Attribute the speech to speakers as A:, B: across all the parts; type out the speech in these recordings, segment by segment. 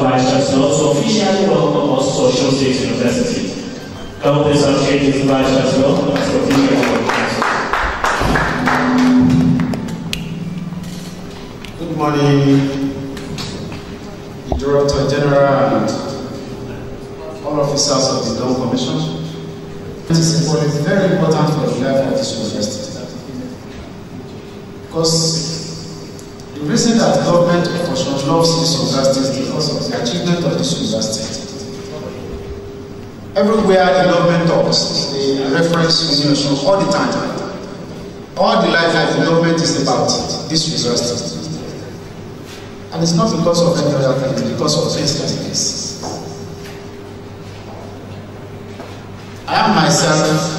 A: Vice Chancellor to officially welcome us to Osun State University. Come please appreciate the Vice Chancellor as official welcome. Good morning,
B: the Director General and all officers of the Down Commission. This is very important for the life of this university because The reason that government of Osun loves this university is because of the achievement of this university. Everywhere the government talks, they reference Osun all the time. All the life of the government is about this university. And it's not because of any other thing, it's because of things like this. I am myself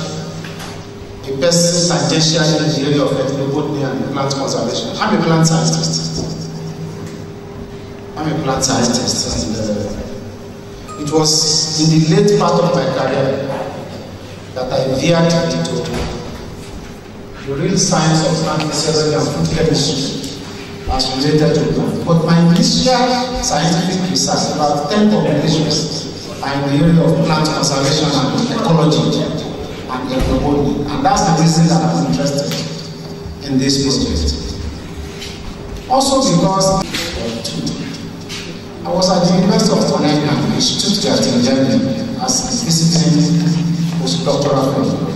B: best suggestion in the area of botany and plant conservation. I'm a plant scientist. I'm a plant scientist. And, uh, it was in the late part of my career that I veered into the real science of plant physiology and food chemistry as related to that. But my initial scientific research, about 10 publications, are in the area of plant conservation and ecology. and Yekeboni. And that's the reason that I'm interested in this project. Also because I was at the University of Connecticut in Stuttgart in Germany as a visiting postdoctoral fellow.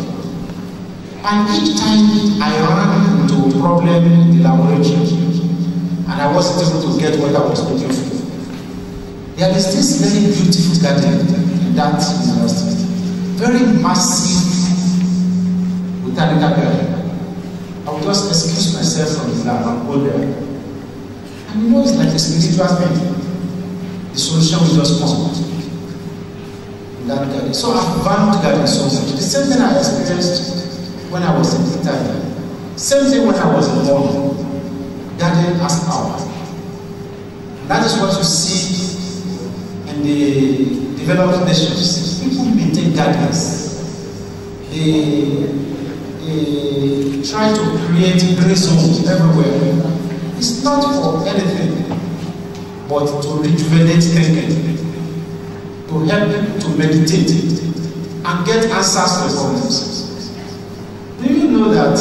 B: And each time I ran into a problem in the laboratory, and I wasn't able to get what I was looking for. There is this very beautiful garden in that university, very massive without a girl. I would just excuse myself from his Islam and go there. And you know, it's like a spiritual thing. The solution will just come out. That garden. So I found garden so much. The same thing I experienced when I was in Italy. Same thing when I was in London. Garden as power. That is what you see in the developed nations. People maintain gardens. They try to create gray zones everywhere. It's not for anything but to rejuvenate thinking, to help people to meditate and get answers to problems. Do you know that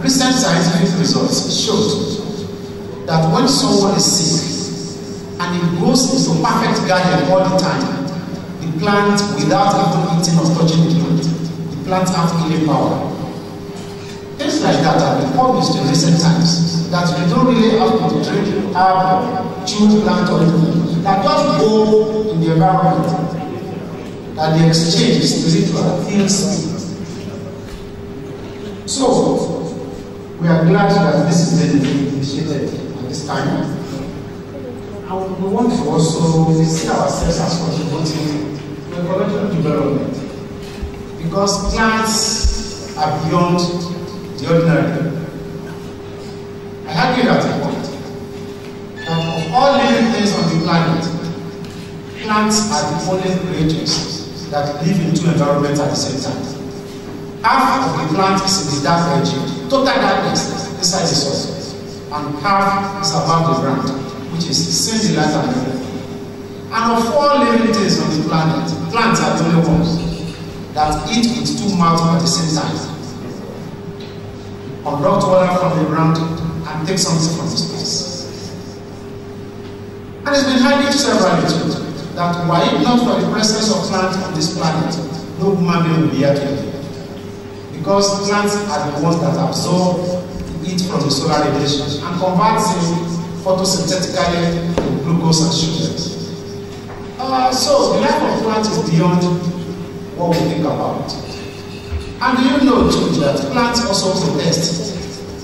B: recent scientific results showed that when someone is sick and it goes into perfect garden all the time, the plant without even eating or touching plant out the power. Things like that have been published in recent times that we don't really have to drink herb, chew plant or anything. That just go in the environment. That the exchange is spiritual, feels So, we are glad that this is being initiated at this time. And we want to also see ourselves as contributing to ecological development. because plants are beyond the ordinary. I argue that a point that of all living things on the planet, plants are the only creatures that live in two environments at the same time. Half of the plant is in the dark region, total darkness inside the soil, and half is above the ground, which is seeing the light and And of all living things on the planet, plants are the only ones that eat with two mouths at the same time. Conduct water from the ground and take something from the space. And it's been highly several that were it not for the presence of plants on this planet, no human being would be here today. Because plants are the ones that absorb heat from the solar radiation and convert it photosynthetically to glucose and sugars. Uh, so the life of plants is beyond what we think about it. And do you know too that plants also test,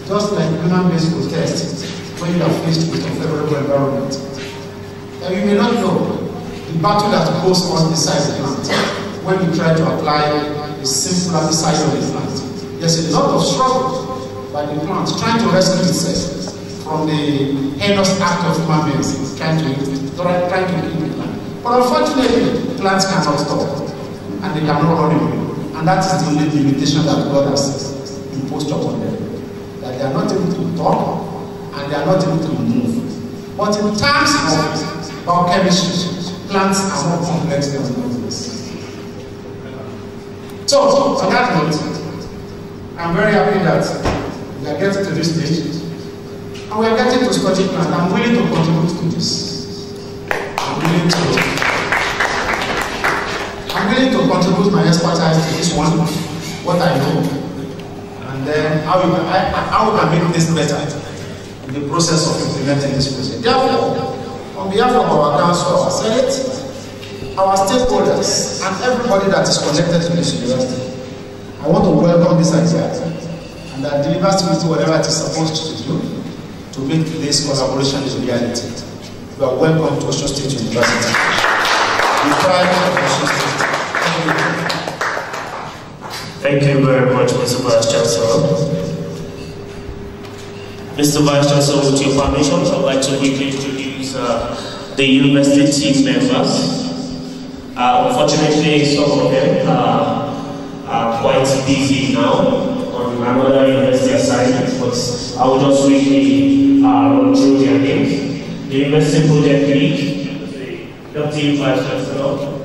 B: just like human beings will test, when you are faced with a favorable environment. And you may not know the battle that goes on beside the plant when you try to apply a simple herbicide on the plant. There's a lot of
C: struggle
B: by the plant trying to rescue itself from the heinous act of human beings trying to, trying to kill the plant. But unfortunately, plants cannot stop. and they cannot run away. And that is the only limitation that God has imposed upon them. That they are not able to talk and they are not able to move. But in terms of biochemistry, plants are more complex than this. So, on so that note, I'm very happy that we are getting to this stage. And we are getting to study plants. I'm willing to contribute to this. I'm willing to. I'm willing to contribute my expertise to this one, what I know, and then how will I, how will I make this better in the process of implementing this project. Therefore, on behalf of our council, our senate, our stakeholders, and everybody that is connected to this university, I want to welcome this idea and that delivers to me whatever it is supposed to do to make this collaboration a reality. You are welcome to Osun State University. We thrive at
A: Osun State. Thank you very much, Mr. Vice Chancellor. Mr. Vice Chancellor, with your permission, I'd like to introduce uh, the university team members. Uh, unfortunately, some of them are, are quite busy now on another university assignment, but I will just quickly uh, run through their names. The University Project League, the Deputy Vice Chancellor,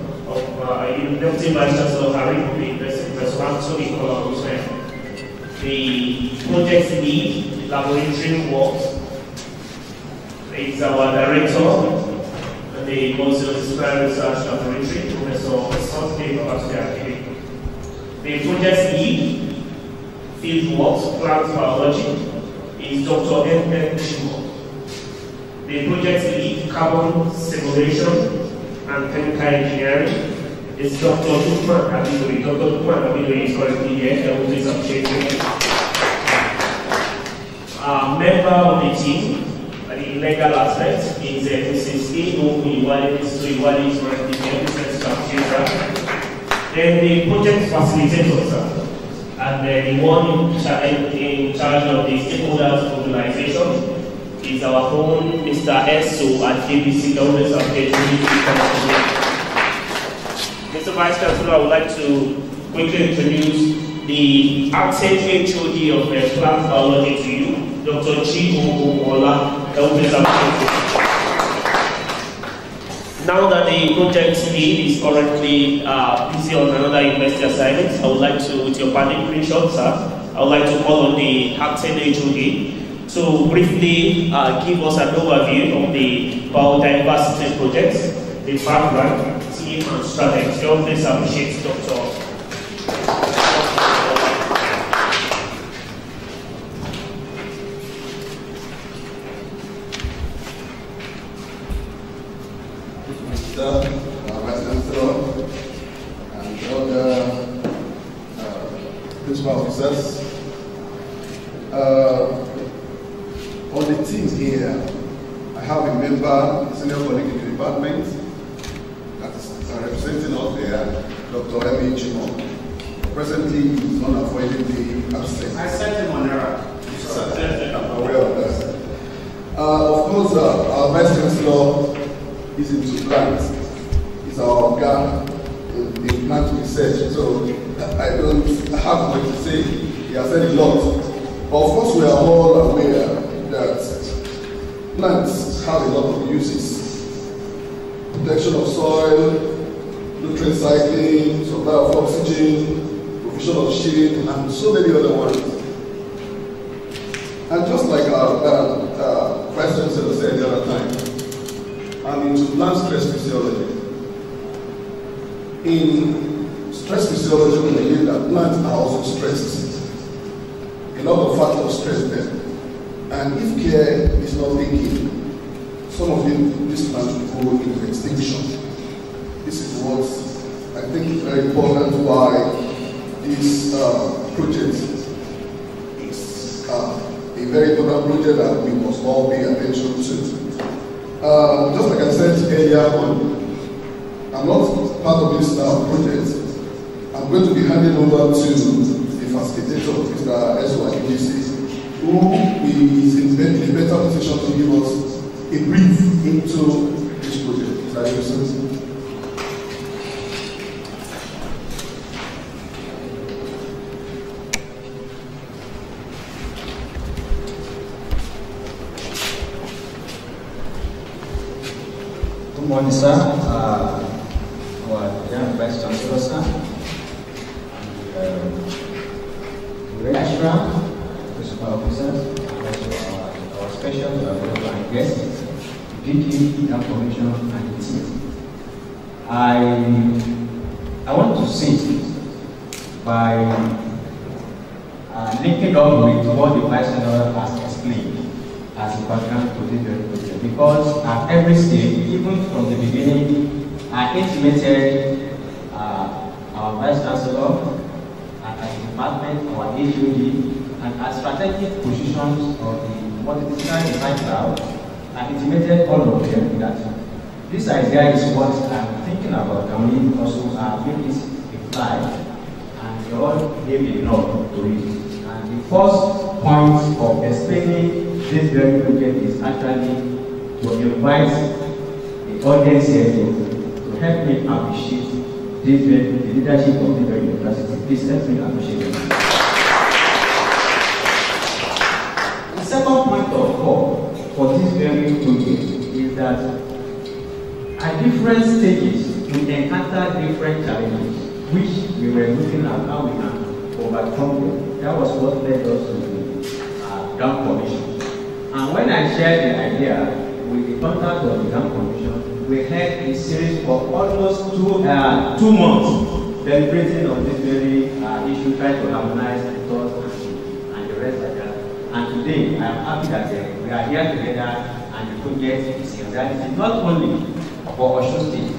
A: Harry the project lead, laboratory works, is our director, and the Council of Square Research Laboratory, Professor Sunday Papasiaki. The project lead, field works, plant biology, is Dr. M. M. The project lead, carbon simulation and chemical engineering, Esse Dr. Tupan, capítulo, Dr. Tupan, capítulo em História do IEF, é um dos objectives. A member of the team, the legal aspect, is a Mrs. Ego Iwale, Mrs. Iwale is one of the officers of Then the project facilitator, and the one in, char in charge of the stakeholders organization is our own Mr. Esso at ABC Government of KTV. Mr. Vice Chancellor, I would like to quickly introduce the acting HOD of the plant biology to you, Dr. Chi Okola, Now that the project lead is currently uh, busy on another university assignment, I would like to, with your permission, pretty short, sir, I would like to call on the acting HOD to briefly uh, give us an overview of the biodiversity projects the farmland, wszystkim z szaleństwem, to jest co
D: ones. And just like our, uh, uh, questions, our Vice Chancellor said the other time, I'm into blunt stress physiology. In stress physiology, we believe that plants are also stressed. A lot of factors stress them. And if care is not taken, some of them, these plants will go into extinction. This is what I think is very important why this uh, projects. is Uh, a very important project that we must all pay attention to. Uh, just like I said earlier on, I'm not part of this uh, project. I'm going to be handing over to the facilitator, Mr. Eswa Igisi, who is in a better position to give us a brief into this project. sir.
E: linking up with what the Vice General has explained as a background to the project. Because at uh, every stage, even from the beginning, I uh, intimated uh, our Vice Chancellor, our uh, department, our HUD, and our strategic positions of the what is described right now, I intimated all of them that this idea is what I'm thinking about, and we also have make it applied the Lord gave a to it. And the first point of explaining this very project is actually to invite the audience here to, help me appreciate this very, the leadership of the very university. Please help me appreciate the second point of call for this very project is that at different stages we encounter different challenges which we were looking at how we can overcome them. That was what led us to the uh, Commission. And when I shared the idea with the contact of the Commission, we had a series for almost two, uh, two months deliberating on this very uh, issue, trying to harmonize the thoughts and, and the rest of that. And today, I am happy that uh, we are here together and the project is in reality not only for Osho State,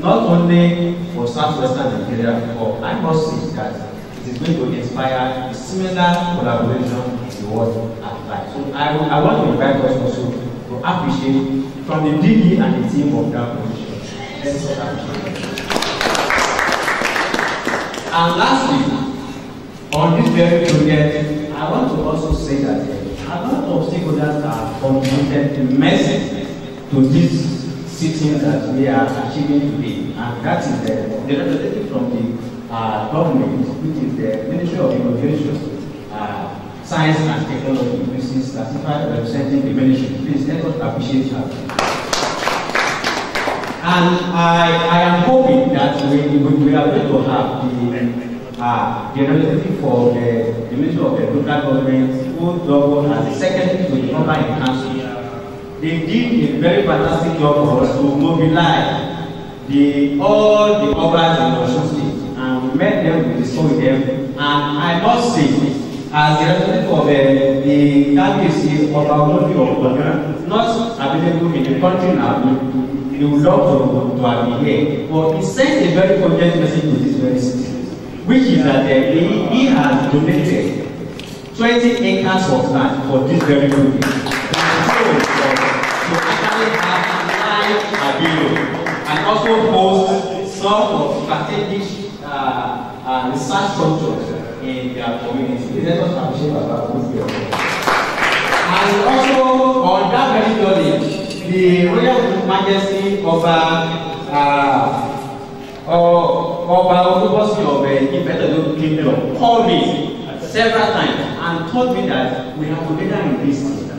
E: not only for Southwestern Nigeria, but I must say that it is going to inspire a similar collaboration in the world at large. So I, I want to invite us also to appreciate from the DD and the team of that position. Let's appreciate And lastly,
C: on this very project,
E: I want to also say that a lot of stakeholders are contributed immensely to this see things that we are achieving today. And that is the, the representative from the uh, government, which is the Ministry of Innovation, uh, Science and Technology, which is classified representing the ministry. Please let us appreciate her. And I, I am hoping that we, we, we are going to have the uh, the representative for the, the Ministry of the Local Government, who double as the secretary to the Urban Council. They did a very fantastic job for us to mobilize the all the operas in Osun State and we met them, we discussed with them and I must say as the representative of uh, the Kabiyesi Oba Olodi of Ogun not available in the country now we we would love to to have been here but he sent a very urgent message to this very city which is that uh, he, he has donated twenty acres of land for this very building. Bureau and also host some of strategic uh, uh research structures in their community. Let us appreciate Baba Bureau. And also on that very journey, the Royal Majesty uh, of uh, ọba of ọ̀bẹ ìfẹ́tẹ̀lú kingdom called me several times and told me that we have to gather in this.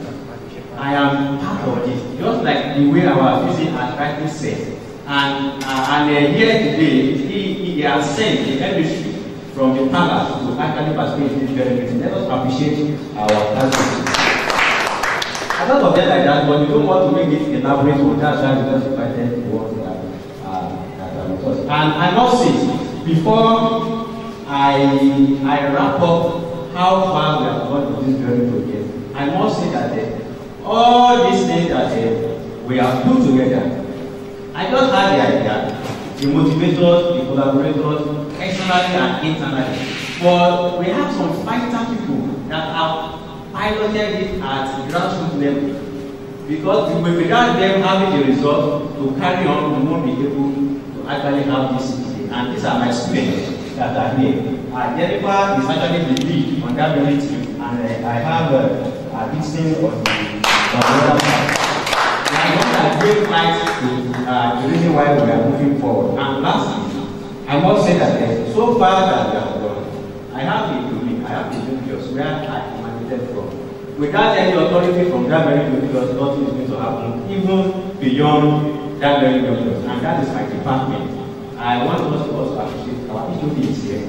E: I am part of this. Just like the way our visit and rightly said. And, uh, and uh, here today, he, he has sent the emissary from the palace to actually participate in this very meeting. Let us appreciate our country. A lot of them like that, but you don't want to make it elaborate, so that's why we just invited to what that, uh, that And I must say, before I, I wrap up how far we have gone with this very together, I must say that uh, all these things that uh, we have put together. I just had the idea, the motivators, the collaborators, externally and internally. But we have some fighter people that have piloted it at grassroots level. Because without them having the resource to carry on, we will not be able to actually have this meeting. And these are my students that are here. Uh, Jennifer is actually the lead on that unit, and uh, I have uh, a listing on the I gave light to the reason why we are moving forward. And lastly, I must say that so far that we have done, I have a domain, I have a nucleus where I emanated from. Without any authority from that very nucleus, nothing is going to happen, even beyond that very nucleus. And that is my department. I want us to also appreciate our people here.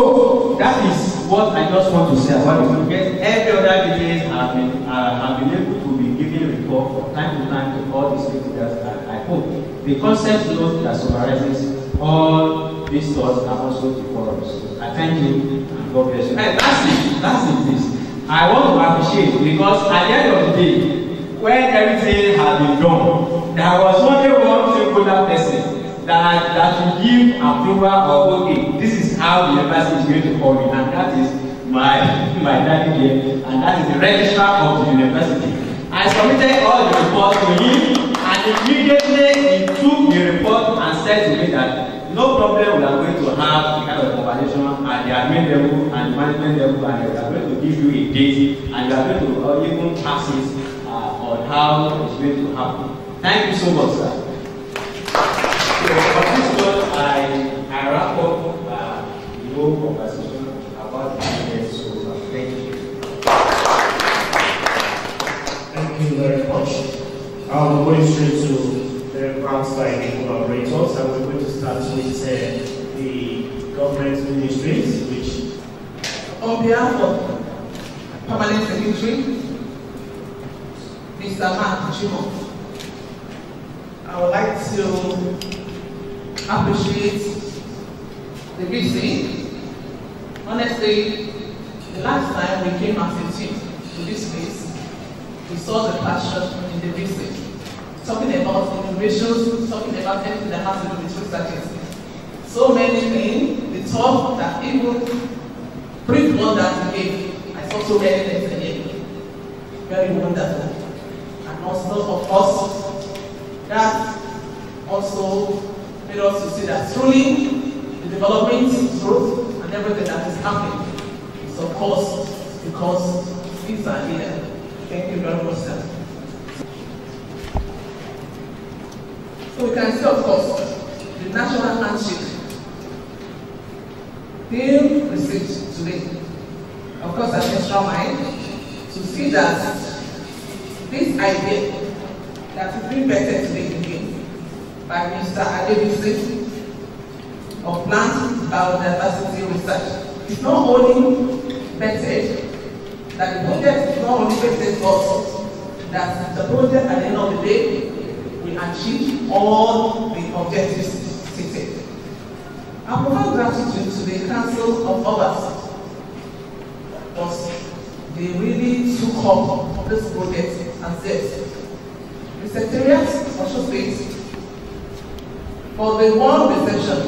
E: So that is what I just want to say about the because every other details have been uh, have been able to be given report from time to time to all the stakeholders and I hope the concept note that summarizes all these thoughts are also the forums. I thank you and God bless you. And that's it, that's it this. I want to appreciate because at the end of the day when everything has been done there was only one singular person that that will give approval of okay this is how the university is going to call me and that is my my daddy there and that is the registrar of the university i submitted all the reports to him and immediately he took the report and said to me that no problem we are going to have the kind of conversation at the admin level and the management level and we are going to give you a date and we are going to uh, even pass it uh, on how it's going to happen thank you so much sir. So this note, I, I wrap up uh,
A: no conversation about business. So thank you. Thank you very much. going straight to the outside and we're going to start with the government ministries, which
F: on behalf of permanent secretary, Mr. Mark I would like to appreciate the visit. Honestly, the last time we came as a team to this place, we saw the passion in the visit, Talking about innovations, talking about everything that has to do with food So many things, the talk that even brief one that he gave, I saw so many things again. Very wonderful. And also, of course, that also made us to see that truly the development, growth, and everything that is happening is of course because things are here. Thank you very much, sir. So we can see, of course, the national handshake being received today. Of course, an extra mind to see that this idea that is being presented today by Mr. Adebusi of Plant Biodiversity Research. It's not only better that the project is not only for but that the project at the end of the day will achieve all the objectives stated. I provide gratitude to the councils of others because they really took up this project and said, the Secretariat of Social State but the one reflection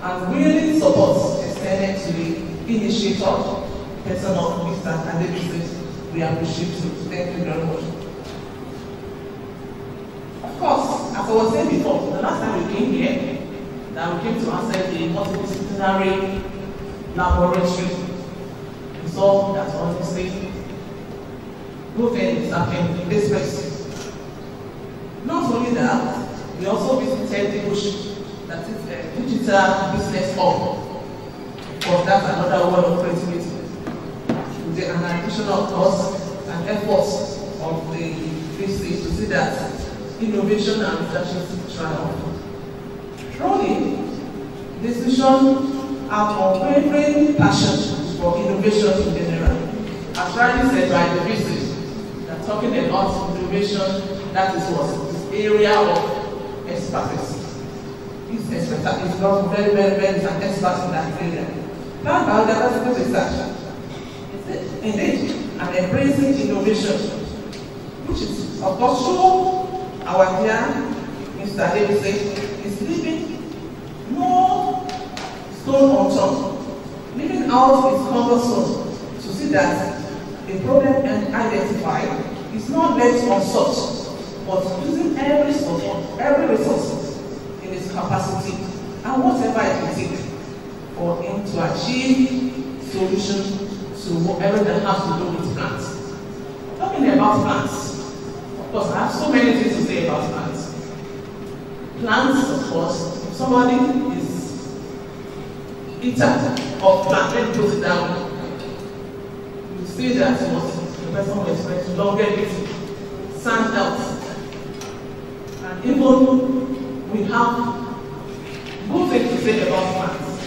F: and willing support extended to the initiator, personal Mr. Adebisis. We appreciate you. Thank you very much. Of course, as I was saying before, the last time we came here, that we came to answer the multidisciplinary laboratory. We saw that obviously moving is happening in this place. Not only that,
C: We also visited the OSH,
F: that is a uh, Digital Business Hub. because that's another one of creativity. With an additional cost and efforts of the VC to see that innovation and leadership triumph. Truly, decision very, unwavering passion for innovation in general. As rightly said by the They're talking about innovation, that is what this area of expertise. This expertise is not very, very, very an expert in that area. Now biological research is indeed and embracing innovation, which is of course so our dear Mr. Davis is leaving no stone unturned, leaving out its cumbersome to see that a problem and identified is not left unsought but using every support, every resource in his capacity and whatever it takes for him to achieve solution to whatever that has to do with plants. Talking about plants, of course, I have so many things to say about plants. Plants, of course, if
C: somebody is
F: eater of plant, let me put it down. You see that what the person is trying to longer it, stand out even we have good things to say about science.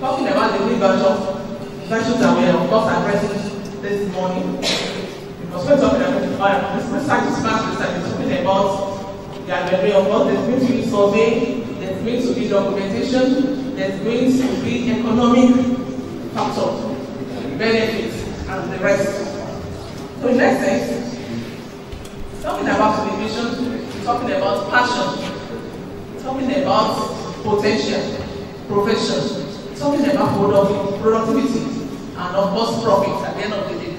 F: Talking about the new virtues, virtues that we are of course addressing this morning, because we're talking about fire. this research is fast research, we're talking about the library of course, there's going to be survey, there's going to be documentation, there's going to be economic factors, benefits, and the rest. So in that sense, talking about the vision talking about passion, talking about potential, profession, talking about product, productivity, and of course profit at the end of the day.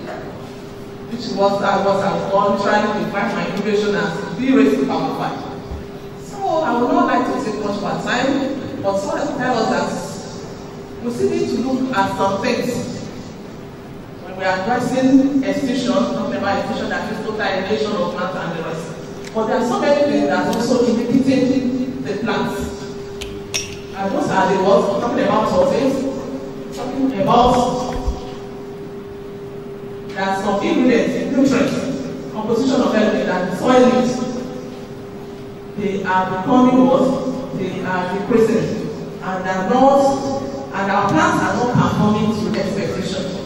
F: Which is what I was I was trying to define my innovation as be raised to amplify. So I would not like to take much of our time, but so tell us that we still need to look at some things. When we are addressing extinction, talking about extinction that is total elimination of plants and the rest. But there are so many things that also inhibited the plants, And those are the words we're talking about surface, talking about that some ingredients, nutrients, composition of element that the soil needs, they are becoming what? They are decreasing. And are not, and our plants are not performing to expectation.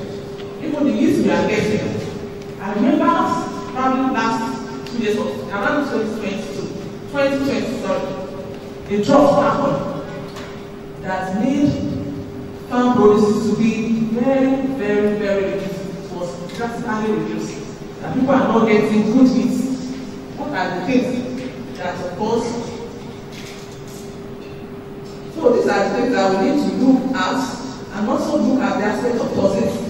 F: Even the yields we are getting. I remember probably last days of around 2022, 2020, sorry, a drought happened that made farm produce to be very, very, very reduced. It was drastically reduced. And people are not getting good meat. What are the things that cause? So these are the things that we need to look at and also look at the aspect of positive.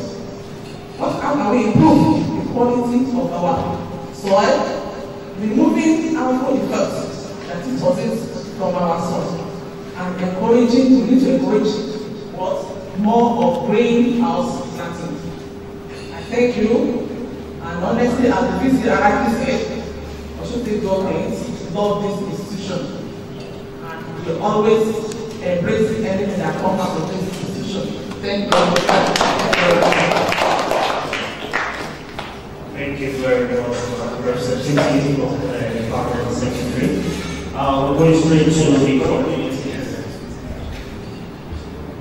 F: What how can we improve the quality of our soil removing harmful effects that it causes from our soil and encouraging we need to encourage what more of greenhouse planting. I thank you and honestly as the VC rightly said Oshodi government love this institution and we always embrace anything that comes out of this
A: institution. Thank you. Thank you. Thank you very much, for the Department Secretary. Uh, we're going straight to the community.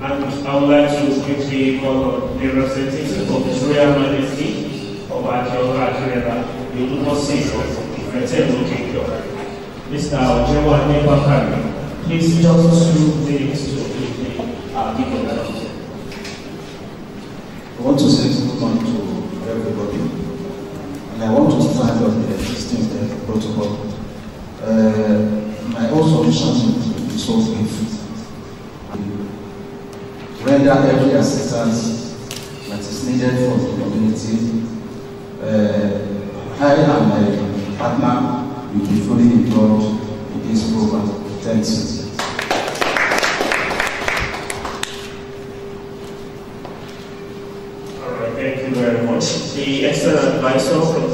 A: And I would like to quickly call on the representative of His Royal Majesty of Akiola Akirela, the University of Kingdom, Mr. Ojewa Nebakari. Please just two to the uh, people. I want to say
B: something to everybody. don't of on the existing uh, protocol. Uh, my own solution is so brief. Render every assistance that is needed for the community. Uh, I and my partner will be fully involved in this program. Thanks.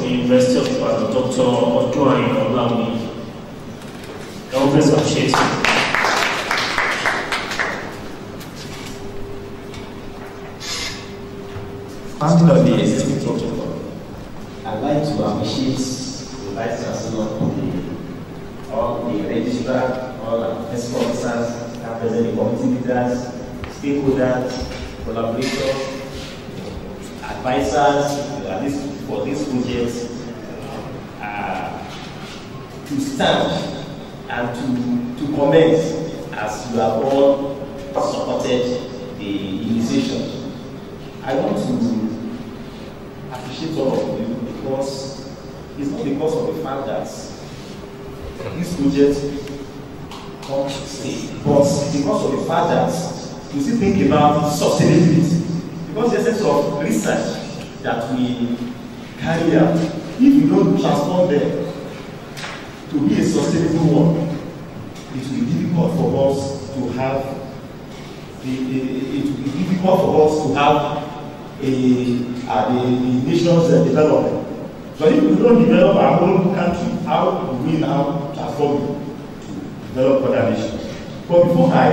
A: University of Dr. Oduayin Olawi. I always appreciate you.
C: the
E: I'd like to appreciate the Vice Chancellor
G: for the, all the registrar, all the press officers, representing committee leaders, stakeholders, collaborators, advisors, for these projects uh, to start and to, to commence as you have all supported the initiation. I want to
C: appreciate all of you because it's not because of the fact that
G: this project comes to stay, but because of the fact that you still think about sustainability. Because the essence of research that we career if you don't transform them to be a sustainable one it will be difficult for us to have a, a, it will be difficult for us to have a a, a, a nation's uh, development so if we don't develop our own country how we now transform to develop other nations but before i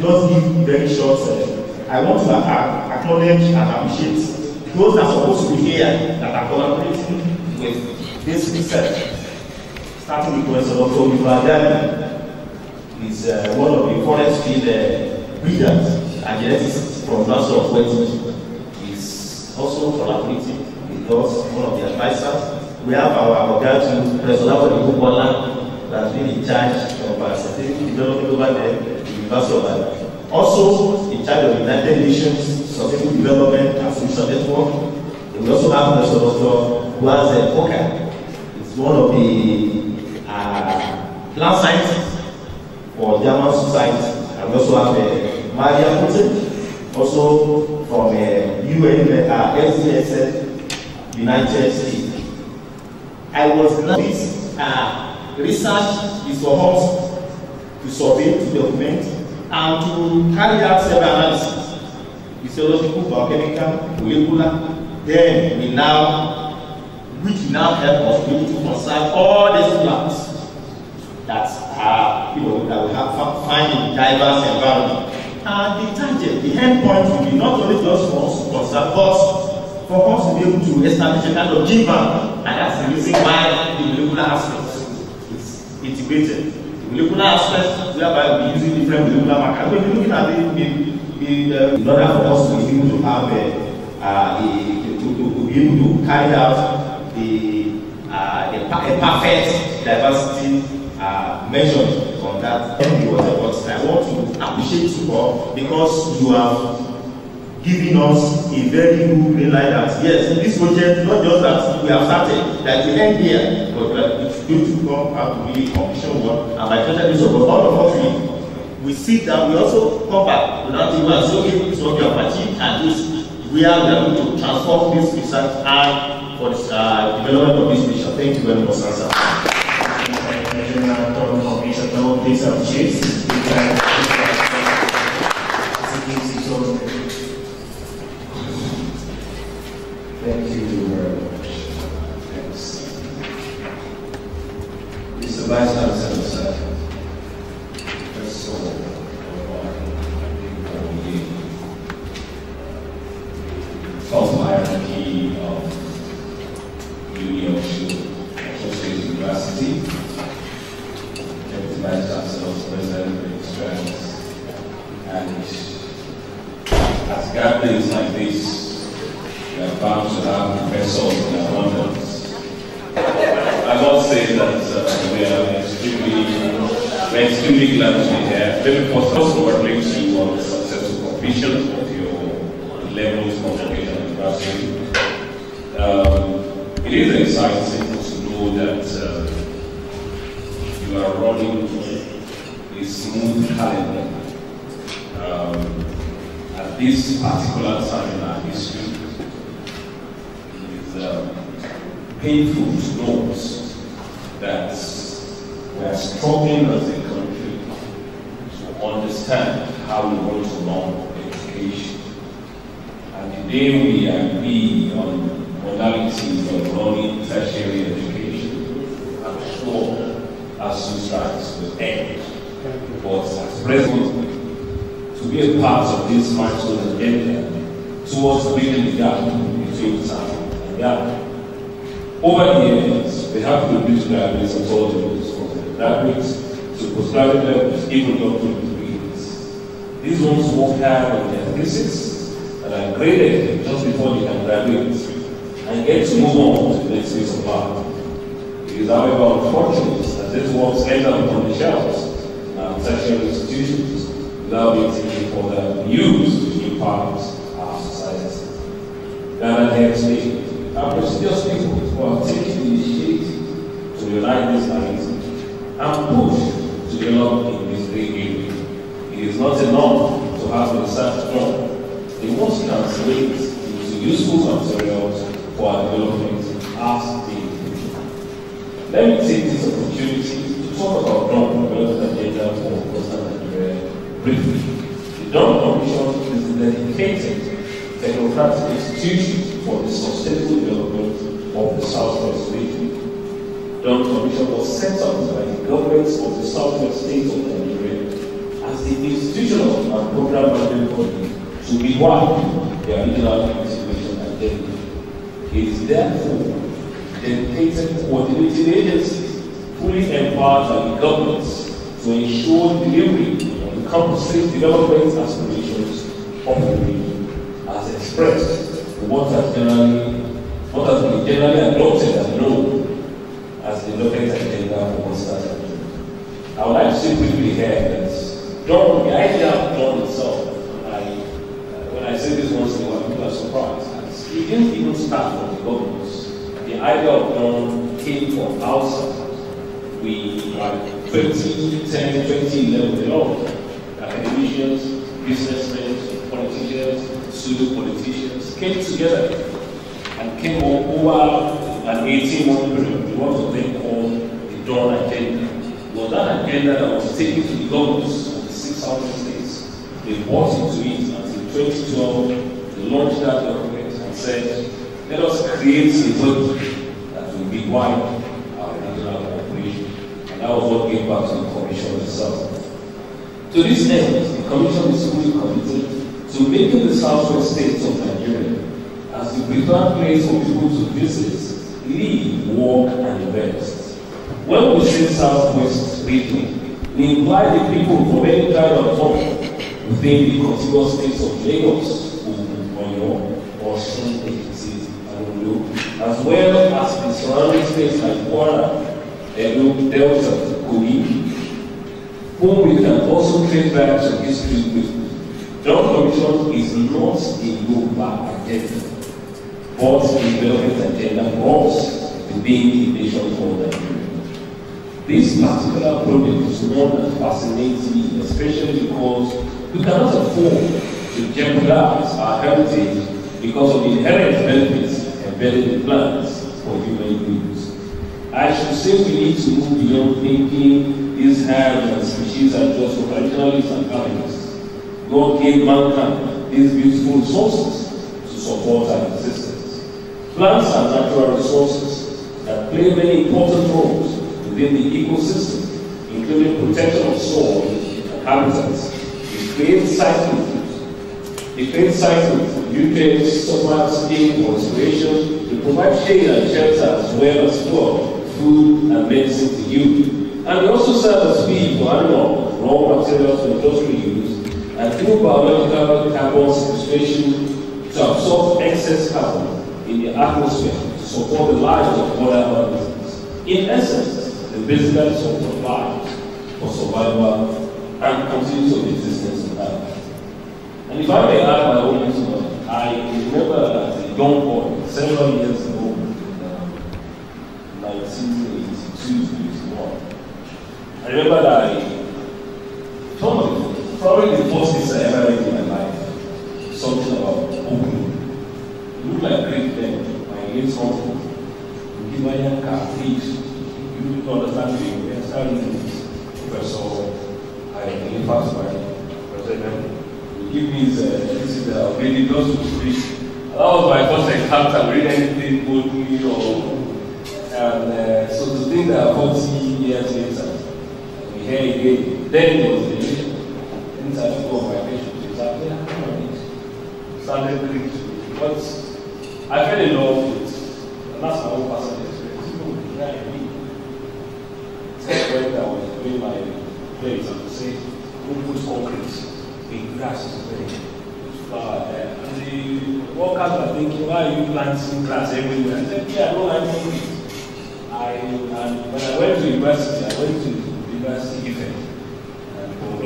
G: just give very short uh, i want to uh, acknowledge and appreciate Those are supposed to be here that are collaborating with this research. Starting with Professor Dr. Ibadani, is uh, one of the forest field uh, breeders and geneticists from Nassau of West. He's also collaborating with us, one of the advisors. We have our Ogatu, Professor Dr. Ibukola, that's been in charge of our uh, scientific development over there, the University of Ibadan also in charge of the United Nations Sustainable Development and Future Network.
C: And we also have Professor
G: Dr. Guazen Poka. It's one of the uh, plant scientists for German society. And we also have uh, Maria Putin, also from uh, UN uh, FCSF, United States. I was glad this uh, research is for us to survey, to document, and to carry out several analysis, analyses, histological, biochemical, molecular, then we now, which now help us be able to conserve all these plants that are, you know, that we have find in diverse environment. And the target, the end point will be not only just for us to conserve, but for us to be able to establish a kind of gene bank, and that's the reason why the molecular aspect is integrated molecular aspect whereby we using different molecular markers. When we're looking at it, we, we, uh, in order for us to be able to have a, uh, a to, to, to be able to carry out the uh, a, a perfect diversity uh, measure on that. Thank you, I want to appreciate you all because you have giving us a very good green light that yes, this project not just that we have started, that we end here, but that it's going to come out to be commission work. And by special use over, all of us, we, we sit and we also come back to that table and say, okay, so we have achieved and this, we are going to transform this research and for the uh, development of this mission. Thank you very much, sir.
H: painful notes that we are struggling as a country to understand how we want to run education. And today we agree on modalities of running tertiary education. I'm sure our societies will end. But at present, to be a part of this milestone agenda towards bridging the gap between time and Gap over the years, they have to reduce diabetes called diabetes to prosperity levels, even up to three years. These ones work hard on their thesis and are graded just before they can graduate and get to move on to the next phase of life. It is however unfortunate that these ones end up on the shelves and tertiary institutions without being taken further and used to impact our society. Ghana helps me. Our prestigious people but take the initiative to realize this reality and push to develop in this area. It is not enough to have research done. They must translate into useful materials for our development as they do. Let me take this opportunity to talk about drug development agenda for Coastal Nigeria briefly. The Drug Commission is dedicated contracts institutions for the sustainable development of the Southwest region. The Commission was set up by the governments of the Southwest states of Nigeria as the institutional and program management body to be one their regional integration agenda. It is therefore dedicated coordinating agencies fully empowered by the governments to ensure delivery of the comprehensive development aspirations of the region expressed what has generally what has been generally adopted and known as the local agenda for Monsters I would like to say briefly here that John, the idea of John itself, I, uh, when I say this once in a while, people are surprised. And it didn't even start from the governments. The idea of John came from outside. We had 2010, 2011, a lot of academicians, businessmen, politicians, pseudo politicians came together and came over an 18 month period. What was called the Dawn Agenda. It was that agenda that was taken to the governments of the six southern states. They bought into it until 2012. They launched that document and said, let us create a world that will be wide our international cooperation. And that was what gave back to the Commission itself. To this end, the Commission is fully committed to making the southwest states of Nigeria as the preferred place for people to visit, live, work, and invest. When we say southwest region, we invite the people from any kind of topic within the contiguous states of Lagos, Oyo, Osun, Ekiti, and Ondo, as well as the surrounding states like Kwara, Edo, Delta, Kogi, whom we can also trace back to history with Drug prohibition is not a Yoruba agenda, but a development agenda for us to be the nation for Nigeria. This particular project is one that fascinates me, especially because we cannot afford to jeopardize our heritage because of the inherent benefits embedded in plans for human use. I should say we need to move beyond thinking these herds and species are just for traditionalists and capitalists. God gave mankind these beautiful resources to support our existence. Plants are natural resources that play many important roles within the ecosystem, including protection of soil and habitats. They create cycles. They create cycles nutrients, supplies, inputs, creation. They provide shade and shelter as well as work, food, and medicine to humans, And they also serve as feed for animals, raw materials for industrial use, improve biological carbon sequestration to absorb excess carbon in the atmosphere to support the life of other organisms. In essence, the basic support life for survival and continues of existence on Earth. And if I may add my own story, I remember as a young boy, several years ago, in um, 1982, 81, I remember that I Exploring the forces I ever read in my life. Something about opening. You look like great then, my ears hot. Gimaya can read. You need to understand the universal needs. Professor, I really pass by Professor Give me his, uh, this is uh, maybe those who preach. That was my first encounter with anything me, or and uh, so to think that 40 years later, we hear again, then it was the such poor to is something happening. Sunday preach. But I fell in love with, uh, and that's my own personal experience. People would deny me. Except when I was doing my things and say, who puts concrete in grass is very flower there. And the workers were thinking, why are you planting grass everywhere? I said, yeah, I do it. I, and when I went to university, I went to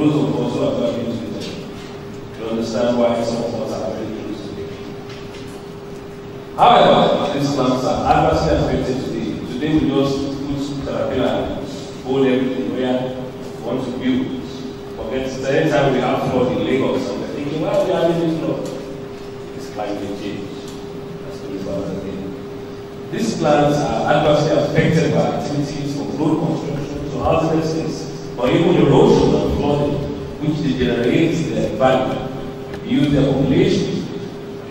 H: those of also are not used with them. you understand why some of us are very close to them. However, these plants are adversely affected today. Today we just put caterpillar and hold everything where we want to build. Forget the next time we have flood in Lagos and we're thinking, why are we having this flood? It's climate change. That's the result of it. These plants are adversely affected by activities from road construction to housing estates or even erosion deposit which generates their value due the population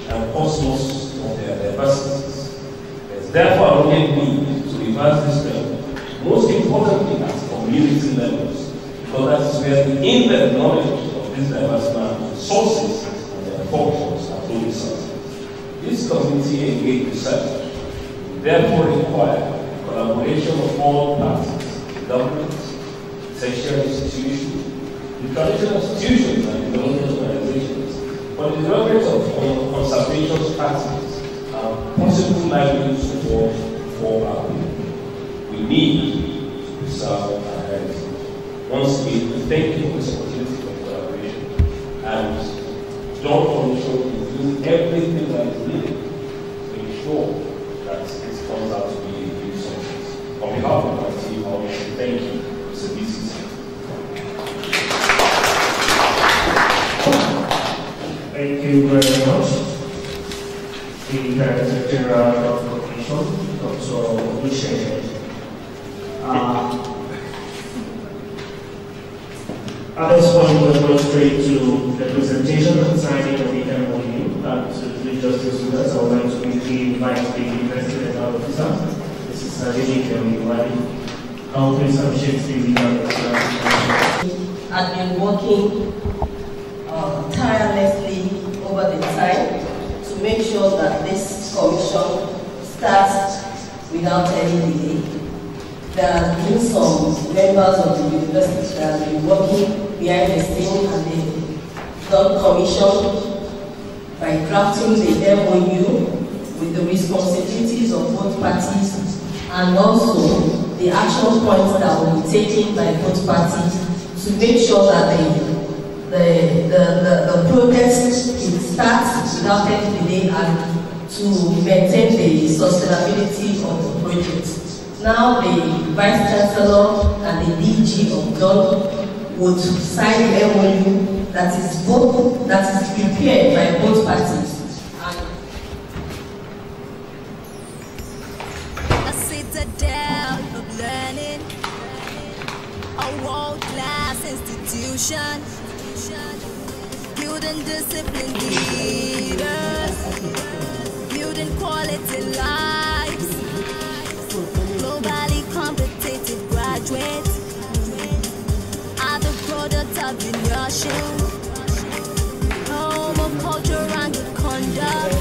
H: and cosmos of their diversities. There is therefore a need to reverse this trend, most importantly at community levels, because that is where the inner knowledge of these diverse man sources and their functions are fully sought. This community engaged research therefore require collaboration of all parties, governments, sexual institutions, the traditional institutions and the religious organizations. But the development of uh, conservation practices and possible livelihoods for, for our people. We need to preserve our heritage. Once again, thank you for this opportunity for collaboration. And not Foundation to do everything that is needed to ensure that this comes out to be a good success. On behalf of my team, I want to thank you, Mr. BCC.
A: Thank you very much. The Director of the Dr. Michel. Uh, at this point, we go straight to the presentation and signing of the MOU that the Justice Students. I would like to quickly invite the President of the officer, Mrs. Sadini Kemiwani, Country and Shakespeare I've been working
C: uh, tirelessly make sure that this commission starts without any delay. There have been some members of the university that have been working behind the scenes and they done commission by drafting the MOU with the responsibilities of both parties and also the action points that will be taken by both parties to make sure that the, the, the, the, the project today and to maintain the sustainability of the project. Now the Vice Chancellor and the DG of John would sign the MOU that is both that is prepared by both parties. A of learning, a world-class institution building discipline leaders, building quality lives, globally competitive graduates are the product of the nation, home of culture and good conduct.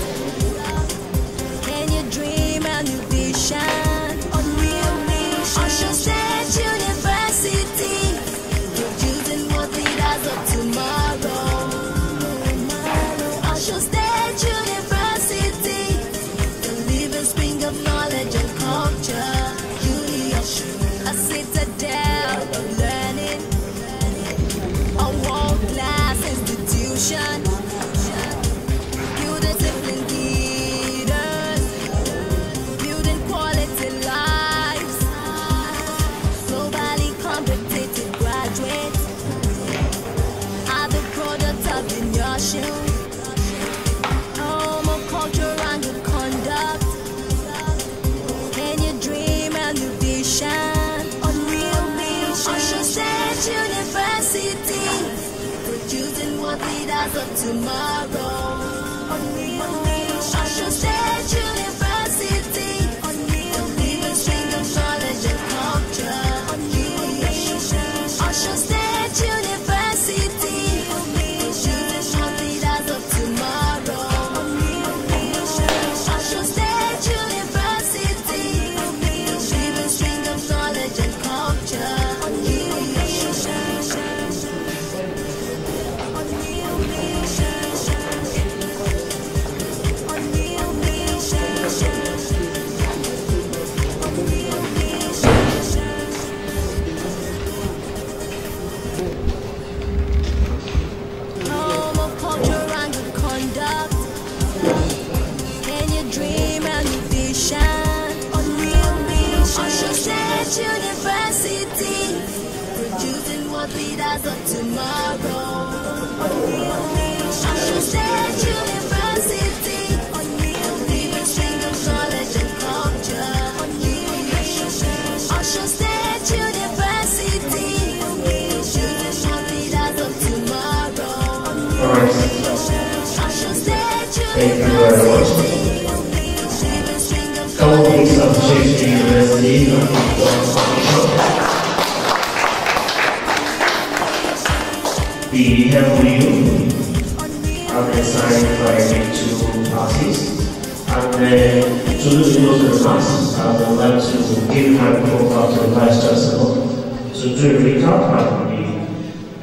A: here reach out to my community,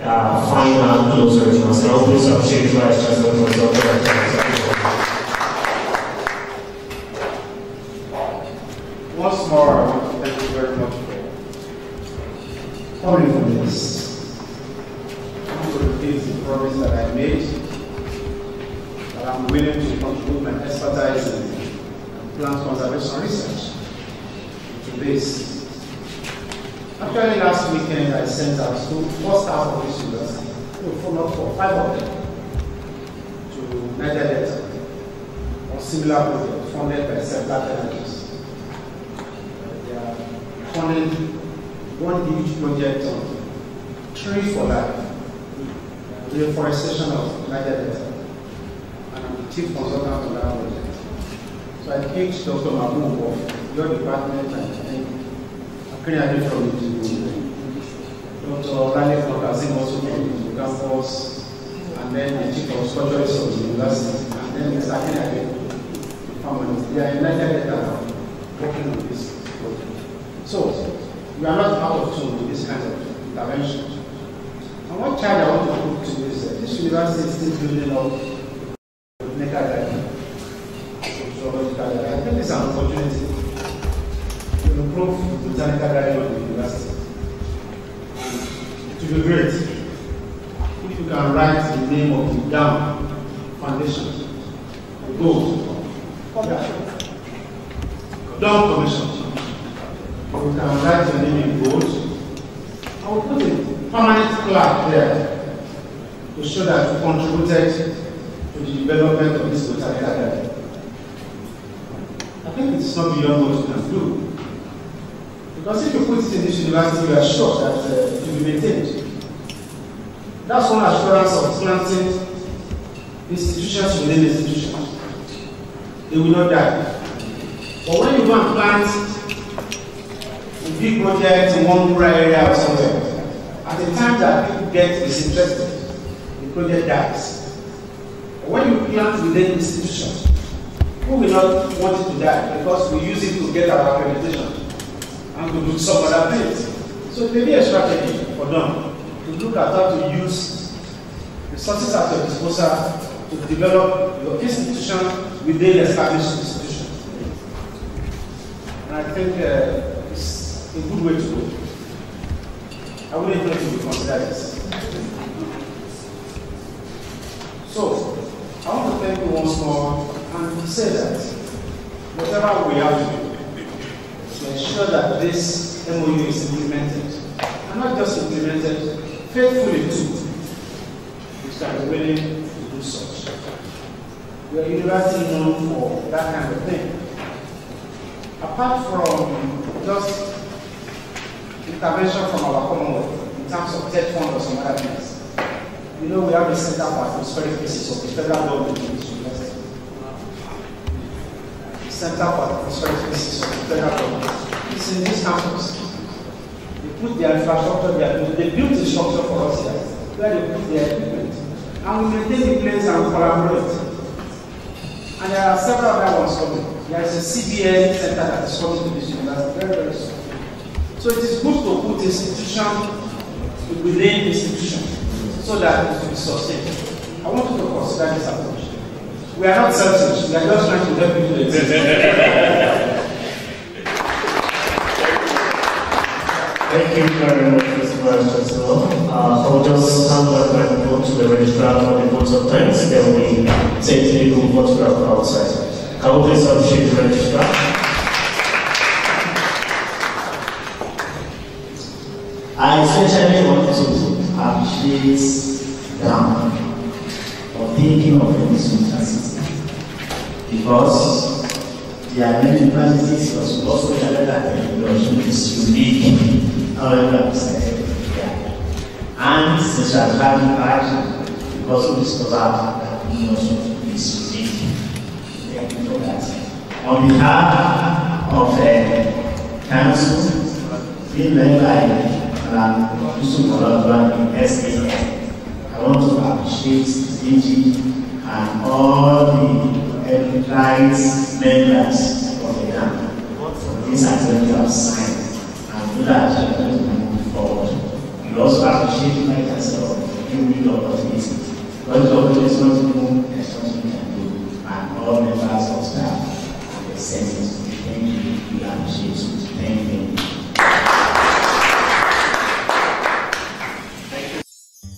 A: uh, find out those original cells,
B: It would be great if you can write the name of the down foundation, the goals, okay. down commission. You can write the name in gold. I will put a permanent plaque there to show that you contributed to the development of this local academy. I think it's not beyond what you can do. Because if you put it in this university, you are sure that uh, you will be maintained. That's one assurance of planting institutions within institutions. They will not die. But when you go and plant a big project in one rural area or somewhere, at the time that people get disinterested, the project dies. But when you plant within institutions, who will not want it to die because we use it to get our accreditation and to do some other things. So maybe a strategy for them to look at how to use resources at your disposal to develop your institution within established institutions. And I think uh, it's a good way to go. I would encourage you to consider this. So, I want to thank you once more and say that whatever we have to do, to ensure that this MOU is implemented. And not just implemented, faithfully too, which I am willing to do such. We are universally known for that kind of thing. Apart from just intervention from our Commonwealth in terms of debt fund or some other things, you know we have a set up our prosperity pieces of the federal government Center for Administrative Systems, federal government. It's in this campus. They put their infrastructure, there. they built the structure for us here, where they put their equipment. And we maintain the place and collaborate. And there are several other ones coming. There is a CBN center that is coming to this university very, very soon. So it is good to put institution within institution so that it will be sustained. I want you to consider this approach.
A: We are not selfish. We are just trying to help people exist. Thank you very much, Mr. Vice Chancellor. Uh, I will just hand back my report to the registrar for the votes of thanks. Then we take the legal photograph outside. Can we please appreciate the
G: registrar? I especially want to appreciate them for thinking of this because there are many practices you're supposed to gather that yeah. And social because we discovered that we also is unique. Thank you for that. On behalf of the uh, council, being led by Madam Yusuf SKS, I want to appreciate Zinji and all the and members of the gang. So these are things you have signed. And do that, you're going to move forward. You also appreciate like yourself in need of opportunities. God's opportunity is not new, there's something you can do. And all members of staff and the senses, thank you, we appreciate you.
C: Thank you.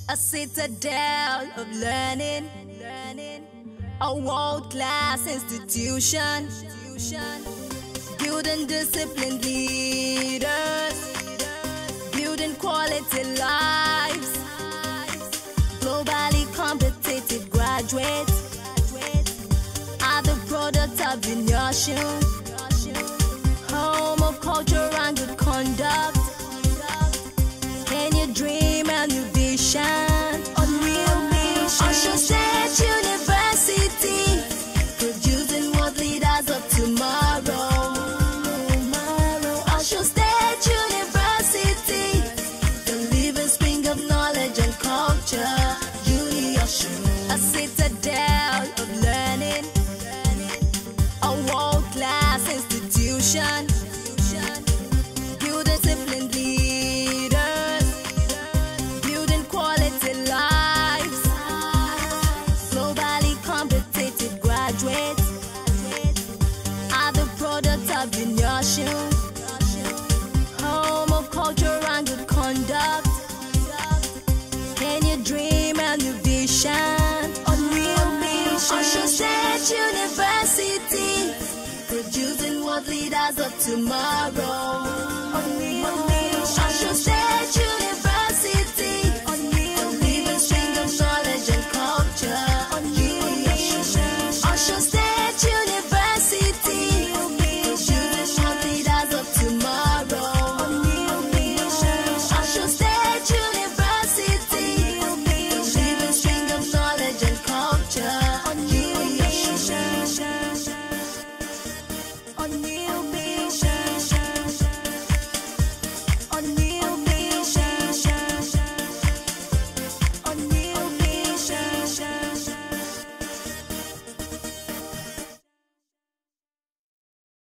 C: A citadel of learning a world-class institution Building disciplined leaders Building quality lives Globally competitive graduates Are the product of the nation Home of culture and good conduct Can you dream a new vision? A real vision tomorrow.